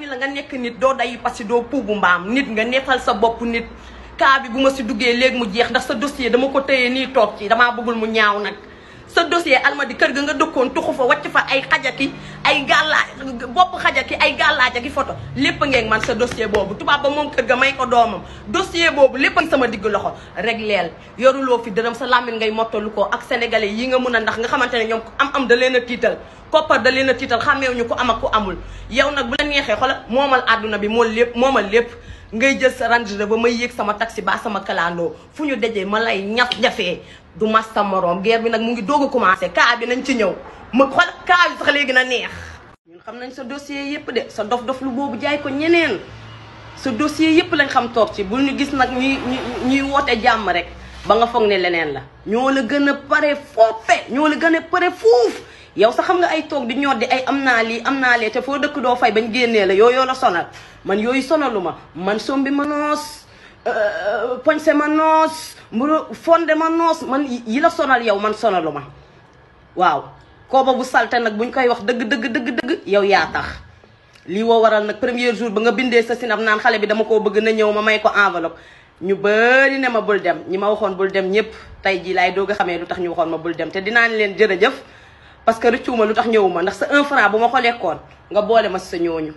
ni la nga nekk nit doo day parce que doo puubu mbaam nit nga neefal sa bopp nit cas bu ma si duggee léegi mu jeex ndax sa dossier dama ko téye nii toog ci damaa bëggul mu ñaaw nag sa dossier almadi kër ga nga dëkkoon tuxu fa wàcc fa ay xajaki ay gàllaa bopp xajaki ay gàllaaj a ki photo lépp ngeen man sa dossier boobu tubaab ba moom kër ga may ko doomam dossier boobu lépp sama diggu loxo rek leel yoruloo fi dërëm sa làmmiñ ngay mottalu ko ak sénégalais yi nga mun a ndax nga xamante ne ko am am da leen a tiital koppar da leen a tiital xàmmeewuñu ko am ak ku amul yow nag bu la neexee xoolal moomal àdduna bi moom lépp moomal lépp ngay jël sa Range ba may yéeg sama taxi ba sama kalandoo fu ñu dajee ma lay ñaf jafee du mas sa morom ger bi nag mu ngi doog a commencé cas bi nañ ci ñëw ma xool kaa bi sax léegi na neex ñun xam nañ sa dossier yépp de sa dof-dof lu boobu jaay ko ñeneen sa dossier yépp lañ xam toog ci bul ñu gis nag ñuy ñuy woote jàmm rek ba nga foog ne leneen la ñoo la gën a pare foofe ñoo la gën a pare fuuf yow sax xam nga ay toog di ñor di ay am naa lii am naa lee te foo dëkk doo fay bañ génnee la yooyu la sonal man yooyu sonalu ma man sombi ma noos euh, euh, poñse ma noos mburu fonde ma noos man yi la sonal yow man sonalu ma waaw kooba bu salte nag buñ koy wax dëgg dëgg dëgg dëgg yow yaa tax lii woo waral nag premier jour ba nga bindee sa sinab naan xale bi dama koo bëgg na ñëw ma may ko enveloppe ñu bëri ne ma bul dem ñi ma waxoon bul dem ñëpp tey jii laay doog a xamee lu tax ñu waxoon ma bul dem te dinaa leen jërëjëf parce que rëccuwuma lu tax ñëwuma ndax sa un franc bu ma ko lekkoon nga boole ma sa ñooñu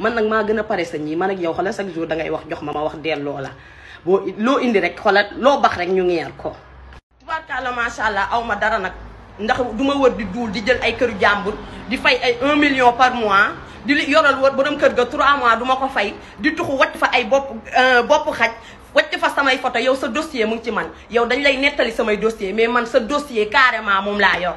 man nag maa gën a pare sa ñii man ak yow xoolal chaque jour dangay wax jox ma ma wax delloo la boo loo indi rek xoolal loo bax rek ñu ngeer ko. tubaarkàlla macha allah aw ma dara nag ndax du ma wër di duul di jël ay kër jàmbur di fay ay 1 million par mois di li yoral wër borom kër ga 3 mois du ma ko fay di tuxu wacc fa ay bopp euh, bopp xaj. wacc fa samay yow sa dossier mu ngi ci man yow dañ lay nettali samay dossier mais man sa dossier carrément moom laa yor.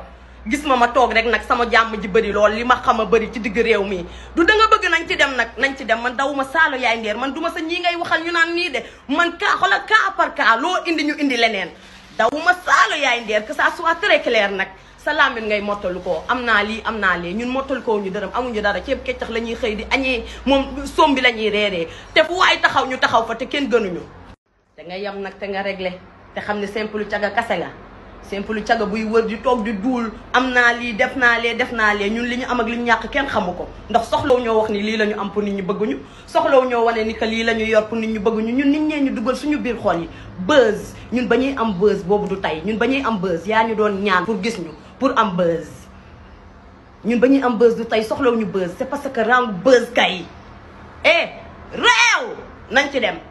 gis ma ma toog rek nag sama jàmm ji bëri lool li ma xam a bëri ci digg réew mi du da nga bëgg nañ ci dem nag nañ ci dem man daw ma saalo yaay ndeer man duma sa ñii ngay waxal ñu naan nii de man kaa xoola kaa par kaa loo indi ñu indi leneen daw ma saalo yaay ndeer que ça soit très clair nag sa làmmiñ ngay mottalu koo am naa lii am naa lee ñun mottalu koo ñu dërëm amuñu dara ceeb keccax la ñuy xëy di añee moom sombi bi la ñuy reeree te fu waay taxaw ñu taxaw fa te kenn gënuñu te nga yem nag te nga réglé te xam ne simple caga kase nga simple caga buy wër di toog di duul am naa lii def naa lee def naa lee ñun li ñu am ak li ñu ñàkk kenn xamu ko ndax soxlaw ñoo wax ni lii la ñu am pour nit ñu bëgguñu soxlaw ñoo wane ni que lii la ñu yor pour nit ñi bëgguñu ñun nit ñee ñu dugal suñu biir xol yi buzz ñun ba ñuy am buzz boobu du tey ñun ba ñuy am buzz yaa ñu doon ñaan pour gis ñu pour am buzz ñun ba ñuy am buzz du tey soxlaw ñu buzz c'est parce que rang buzz kay eh réew nañ ci dem